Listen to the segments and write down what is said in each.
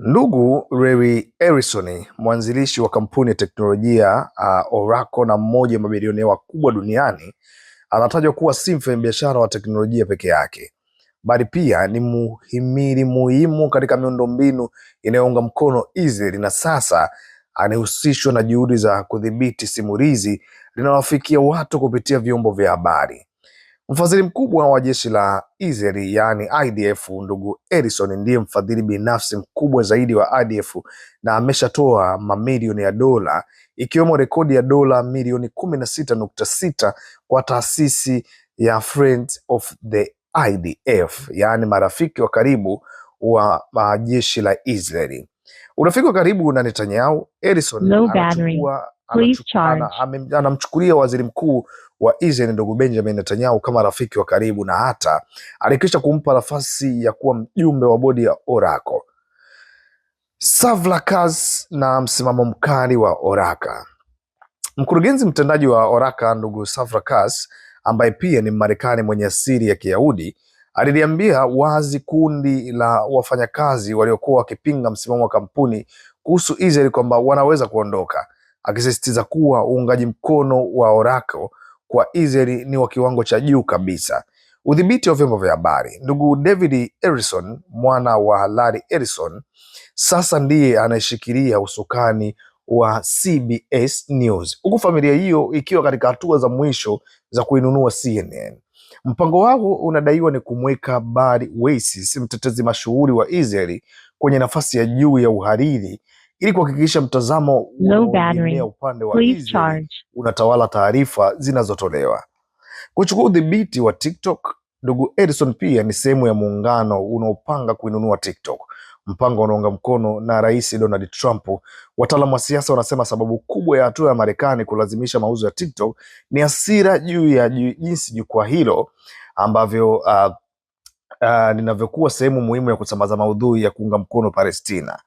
Ndugu Larry Ellison, mwanzilishi wa kampuni ya teknolojia uh, Oracle na mmoja wa mabilionea wakubwa duniani, anatajwa kuwa si mfanyabiashara wa teknolojia peke yake, bali pia ni muhimili muhimu katika miundombinu inayounga mkono Israel, na sasa anahusishwa na juhudi za kudhibiti simulizi linalofikia watu kupitia vyombo vya habari. Mfadhili mkubwa wa jeshi la Israeli yaani IDF ndugu Edison ndiye mfadhili binafsi mkubwa zaidi wa IDF na ameshatoa mamilioni ya dola ikiwemo rekodi ya dola milioni kumi na sita nukta sita kwa taasisi ya Friends of the IDF yaani marafiki wa karibu wa jeshi la Israeli. Urafiki wa karibu na Netanyahu, Edison anachukua anamchukulia waziri mkuu wa Israel ndugu Benjamin Netanyahu kama rafiki wa karibu na hata alikisha kumpa nafasi ya kuwa mjumbe wa bodi ya Oracle. Savlakas na msimamo mkali wa Oraka. Mkurugenzi mtendaji wa Oraka ndugu Savlakas ambaye pia ni marekani mwenye asili ya Kiyahudi aliliambia wazi kundi la wafanyakazi waliokuwa wakipinga msimamo wa kampuni kuhusu Israel kwamba wanaweza kuondoka akisisitiza kuwa uungaji mkono wa Oracle kwa Israel ni wa kiwango cha juu kabisa. Udhibiti wa vyombo vya habari. Ndugu David Ellison, mwana wa Larry Ellison, sasa ndiye anayeshikilia usukani wa CBS News, huku familia hiyo ikiwa katika hatua za mwisho za kuinunua CNN. Mpango wao unadaiwa ni kumweka Barry Weiss, mtetezi mashuhuri wa Israeli, kwenye nafasi ya juu ya uhariri ili kuhakikisha mtazamo wa upande wa unatawala taarifa zinazotolewa. Kuchukua udhibiti wa TikTok, ndugu Edison pia ni sehemu ya muungano unaopanga kuinunua TikTok, mpango unaunga mkono na Rais Donald Trump. Wataalamu wa siasa wanasema sababu kubwa ya hatua ya Marekani kulazimisha mauzo ya TikTok ni hasira juu ya jinsi jukwaa hilo ambavyo uh, uh, linavyokuwa sehemu muhimu ya kusambaza maudhui ya kuunga mkono Palestina.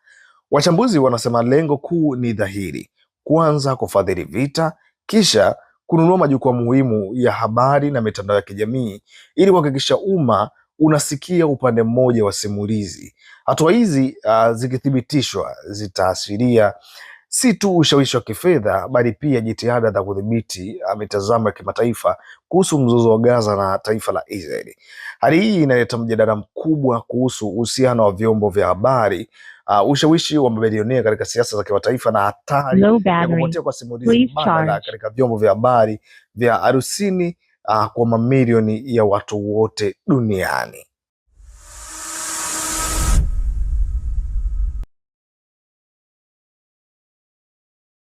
Wachambuzi wanasema lengo kuu ni dhahiri: kwanza kufadhili vita, kisha kununua majukwaa muhimu ya habari na mitandao ya kijamii ili kuhakikisha umma unasikia upande mmoja wa simulizi. Hatua hizi uh, zikithibitishwa zitaashiria si tu ushawishi wa kifedha bali pia jitihada za kudhibiti mitazamo ya kimataifa kuhusu mzozo wa Gaza na taifa la Israeli. Hali hii inaleta mjadala mkubwa kuhusu uhusiano wa vyombo vya habari, uh, ushawishi wa mabilionea katika siasa za kimataifa na hatari ya kupotea kwa simulizi mbadala katika vyombo vya habari vya arusini, uh, kwa mamilioni ya watu wote duniani.